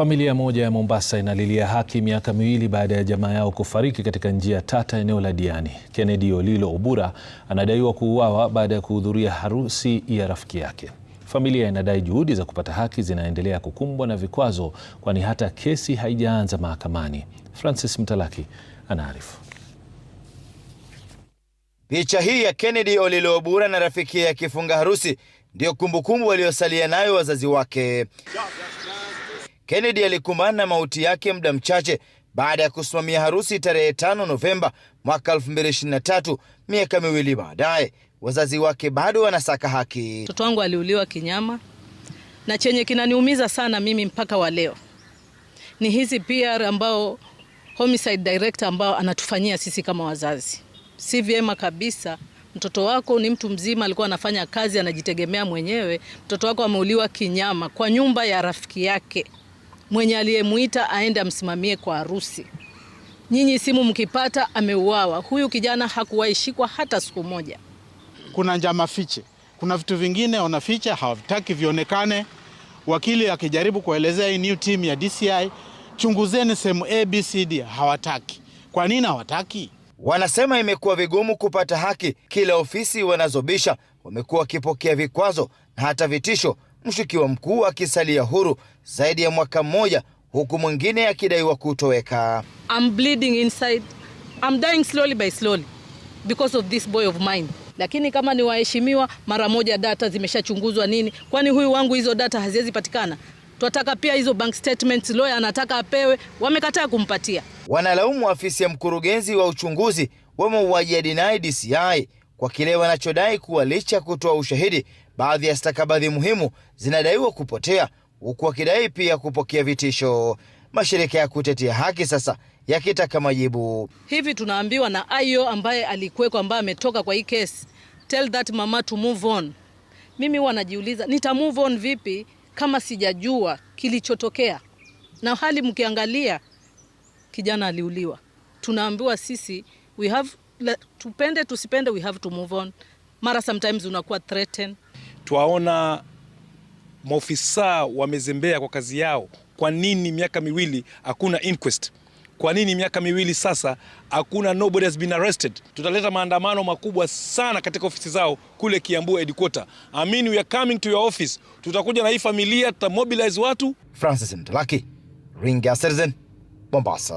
Familia moja ya Mombasa inalilia haki miaka miwili baada ya jamaa yao kufariki katika njia tata eneo la Diani. Kennedy Olilo Obura anadaiwa kuuawa baada ya kuhudhuria harusi ya rafiki yake. Familia inadai juhudi za kupata haki zinaendelea kukumbwa na vikwazo, kwani hata kesi haijaanza mahakamani. Francis Mtalaki anaarifu. Picha hii ya Kennedy Olilo Obura na rafiki yake akifunga harusi ndiyo kumbukumbu waliosalia nayo wazazi wake. Kennedy alikumbana na mauti yake muda mchache baada ya kusimamia harusi tarehe 5 Novemba mwaka 2023, miaka miwili baadaye. Wazazi wake bado wanasaka haki. Mtoto wangu aliuliwa kinyama, na chenye kinaniumiza sana mimi mpaka wa leo ni hizi PR ambao homicide director ambao anatufanyia sisi kama wazazi. Si vyema kabisa. Mtoto wako ni mtu mzima, alikuwa anafanya kazi, anajitegemea mwenyewe. Mtoto wako ameuliwa kinyama kwa nyumba ya rafiki yake mwenye aliyemuita aende amsimamie kwa harusi. Nyinyi simu mkipata ameuawa. Huyu kijana hakuwaishikwa hata siku moja. Kuna njama fiche, kuna vitu vingine wanaficha, hawataki vionekane. Wakili akijaribu kuelezea hii new team ya DCI, chunguzeni sehemu ABCD, hawataki. Kwa nini hawataki? Wanasema imekuwa vigumu kupata haki, kila ofisi wanazobisha wamekuwa wakipokea vikwazo na hata vitisho mshukiwa mkuu akisalia huru zaidi ya mwaka mmoja, huku mwingine akidaiwa kutoweka. Lakini kama ni waheshimiwa, mara moja data zimeshachunguzwa nini? Kwani huyu wangu hizo data haziwezi patikana? Twataka pia hizo bank statements, lawyer anataka apewe, wamekataa kumpatia. Wanalaumu afisi ya mkurugenzi wa uchunguzi wa mauaji ya DCI kwa kile wanachodai kuwa licha ya kutoa ushahidi, baadhi ya stakabadhi muhimu zinadaiwa kupotea, huku wakidai pia kupokea vitisho. Mashirika ya kutetea haki sasa yakitaka majibu. Hivi tunaambiwa na IO ambaye alikuwekwa, ambaye ametoka kwa hii kesi, tell that mama to move on. Mimi huwa najiuliza nita move on vipi kama sijajua kilichotokea, na hali mkiangalia kijana aliuliwa. Tunaambiwa sisi we have le, tupende tusipende, we have to move on. Mara sometimes unakuwa threatened. Twaona maofisa wamezembea kwa kazi yao. Kwa nini miaka miwili hakuna inquest? Kwa nini miaka miwili sasa hakuna nobody has been arrested? Tutaleta maandamano makubwa sana katika ofisi zao kule Kiambu headquarter. I mean we are coming to your office. Tutakuja na hii familia, tutamobilize watu. Francis Mtalaki, Ringa Citizen, Mombasa.